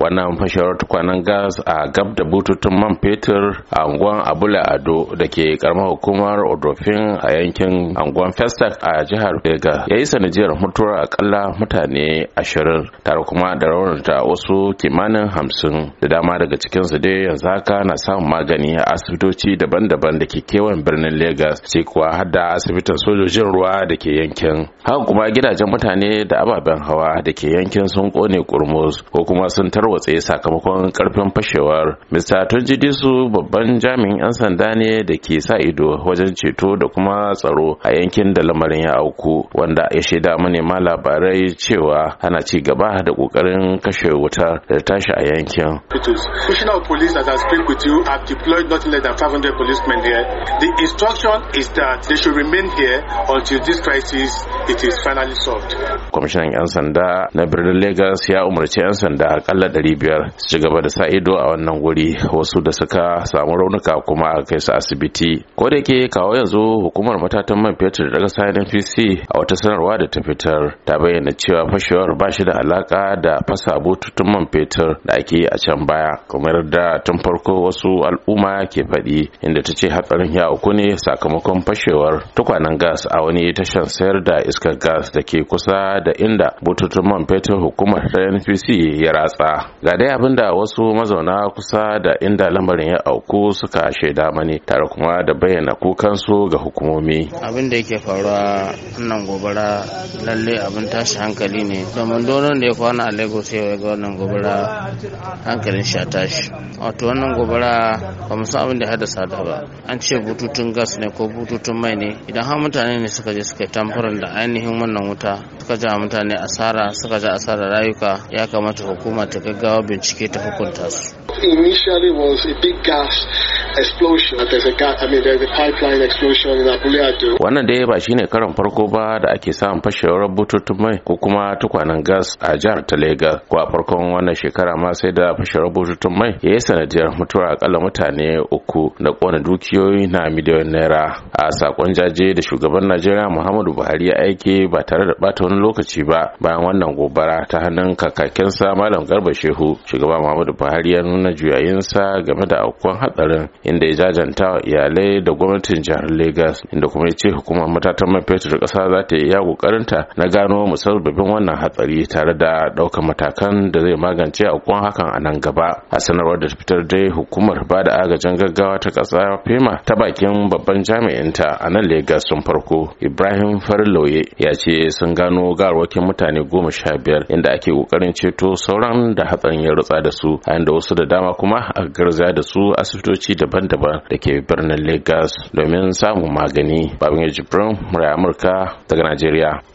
wannan fashewar tukwanen gas a gab da bututun man fetur a anguwan abula ado da ke karamar hukumar odofin a yankin anguwan festac a jihar Legas ya yi sanadiyar mutuwar akalla mutane ashirin tare kuma da raunata wasu kimanin hamsin da dama daga cikinsu dai yanzu haka na samun magani a asibitoci daban-daban da ke kewan birnin Legas, sai kuwa har da asibitin sojojin ruwa da ke yankin haka kuma gidajen mutane da ababen hawa da ke yankin sun kone kurmus ko kuma sun tar tarwatse sakamakon karfin fashewar mr tunji disu babban jami'in 'yan sanda ne da ke sa ido wajen ceto da kuma tsaro a yankin da lamarin ya auku wanda ya shaida manema labarai cewa ana ci gaba da kokarin kashe wuta da tashi a yankin Kwamishinan 'yan sanda na birnin legas ya umarci 'yan sanda akalla da su ci gaba da sa ido a wannan guri wasu da suka samu raunuka kuma a kai su asibiti ko da ke kawo yanzu hukumar matatan man fetur daga sayan pc a wata sanarwa da ta fitar ta bayyana cewa fashewar ba shi da alaka da fasa bututun man fetur da ake yi a can baya kamar da tun farko wasu al'umma ke faɗi inda ta ce hatsarin ya uku ne sakamakon fashewar tukwanen gas a wani tashar sayar da iskar gas da ke kusa da inda bututun man fetur hukumar ta npc ya ratsa ga dai abin da wasu mazauna kusa da inda lamarin ya auku suka shaida mani tare kuma da bayyana kukansu ga hukumomi abin da yake faruwa wannan gobara lalle abin tashi hankali ne domin donon da ya kwana a lagos ya ga wannan gobara hankalin shi tashi wato wannan gobara ba mu san abin da ya haddasa da ba an ce bututun gas ne ko bututun mai ne idan har mutane ne suka je suka yi tamfarin da ainihin wannan wuta suka ja mutane asara suka ja asara rayuka ya kamata hukuma ta gaggawa bincike ta hukunta su. Initially was a big gas explosion. There's a gas, I mean, there's a pipeline explosion in Wannan dai ba shine karan farko ba da ake samun fashewar bututun mai ko kuma tukwanen gas a jihar ta Legas. Ko a farkon wannan shekara ma sai da fashewar bututun mai ya yi sanadiyar mutuwar akalla mutane uku da kona dukiyoyi na miliyoyin naira. A sakon jaje da shugaban Najeriya Muhammadu Buhari ya aike ba tare da bata wani lokaci ba bayan wannan gobara ta hannun kakakinsa Malam Garba Shehu. Shugaba Muhammadu Buhari ya nuna juyayinsa game da aukuwan hatsarin inda ya jajanta iyalai da gwamnatin jihar Legas inda kuma ya ce hukumar matatan mai fetur kasa za ta yi ya ƙoƙarinta na gano musabbabin wannan hatsari tare da ɗaukar matakan da zai magance aukuwan hakan a nan gaba. A sanarwar da fitar dai hukumar ba da agajin gaggawa ta ƙasa FEMA ta bakin babban jami'inta a nan Legas sun farko Ibrahim Lauye ya ce sun gano garwakin mutane goma sha biyar inda ake kokarin ceto sauran da hatsarin ya rutsa da su a inda wasu da dama kuma a garzaya da su asibitoci daban daban-daban da ke birnin Lagos domin samun magani. Babin Jibrin Murai Amurka daga Najeriya.